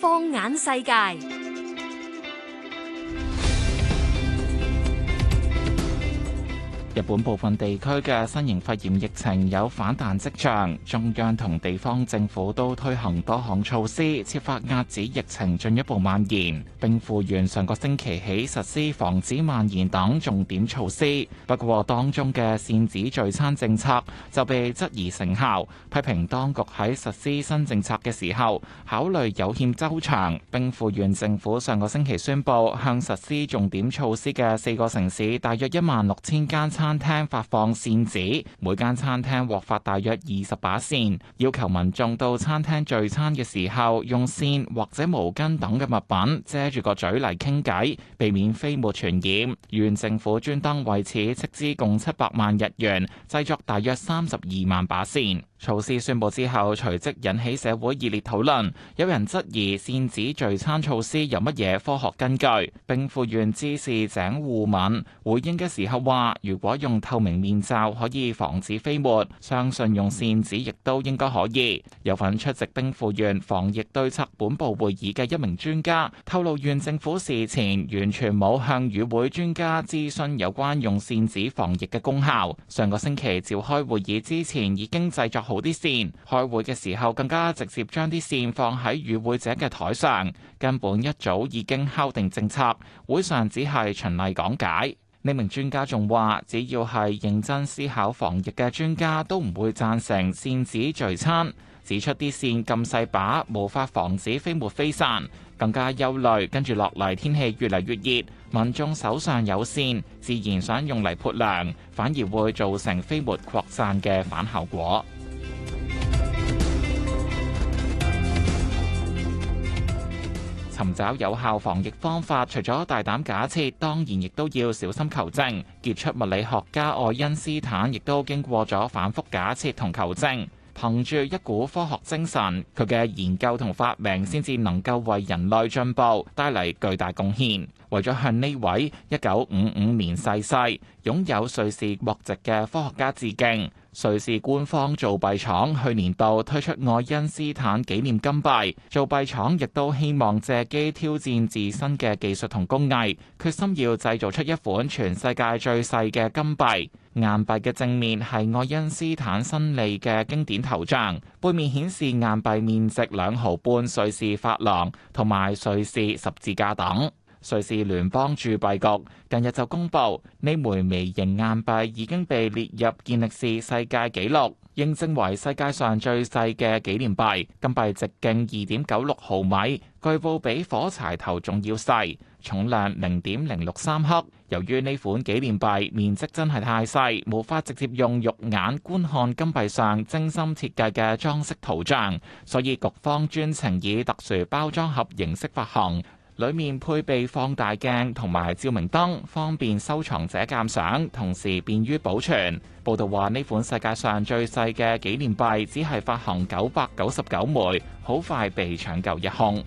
放眼世界。日本部分地區嘅新型肺炎疫情有反彈跡象，中央同地方政府都推行多項措施，設法壓止疫情進一步蔓延。兵庫縣上個星期起實施防止蔓延等重點措施。不過，當中嘅限制聚餐政策就被質疑成效，批評當局喺實施新政策嘅時候考慮有欠周詳。兵庫縣政府上個星期宣布向實施重點措施嘅四個城市，大約一萬六千間餐廳發放扇子，每間餐廳獲發大約二十把扇，要求民眾到餐廳聚餐嘅時候用扇或者毛巾等嘅物品遮住個嘴嚟傾偈，避免飛沫傳染。縣政府專登為此斥資共七百萬日元，製作大約三十二萬把扇。措施宣布之後隨即引起社會熱烈討論，有人質疑扇子聚餐措施有乜嘢科學根據，兵庫縣知事井戶敏回應嘅時候話，如果用透明面罩可以防止飛沫，相信用扇子亦都應該可以。有份出席兵庫縣防疫對策本部會議嘅一名專家透露，縣政府事前完全冇向與會專家諮詢有關用扇子防疫嘅功效。上個星期召開會議之前，已經製作好啲扇，開會嘅時候更加直接，將啲扇放喺與會者嘅台上。根本一早已經敲定政策，會上只係循例講解。呢名專家仲話，只要係認真思考防疫嘅專家都唔會贊成扇子聚餐，指出啲扇咁細把，無法防止飛沫飛散，更加憂慮，跟住落嚟，天氣越嚟越熱，民眾手上有扇，自然想用嚟撥涼，反而會造成飛沫擴散嘅反效果。尋找有效防疫方法，除咗大膽假設，當然亦都要小心求證。傑出物理學家愛因斯坦亦都經過咗反覆假設同求證。憑住一股科學精神，佢嘅研究同發明先至能夠為人類進步帶嚟巨大貢獻。為咗向呢位一九五五年逝世，世、擁有瑞士國籍嘅科學家致敬，瑞士官方造幣廠去年度推出愛因斯坦紀念金幣。造幣廠亦都希望借機挑戰自身嘅技術同工藝，決心要製造出一款全世界最細嘅金幣。硬幣嘅正面係愛因斯坦伸脷嘅經典頭像，背面顯示硬幣面值兩毫半瑞士法郎同埋瑞士十字架等。瑞士聯邦鑄幣局近日就公布，呢枚微型硬幣已經被列入健力士世界紀錄，認證為世界上最細嘅紀念幣。金幣直徑二點九六毫米，據報比火柴頭仲要細，重量零點零六三克。由於呢款紀念幣面積真係太細，無法直接用肉眼觀看金幣上精心設計嘅裝飾圖像，所以局方專程以特殊包裝盒形式發行。裡面配備放大鏡同埋照明燈，方便收藏者鑒賞，同時便於保存。報道話呢款世界上最細嘅紀念幣，只係發行九百九十九枚，好快被搶購一空。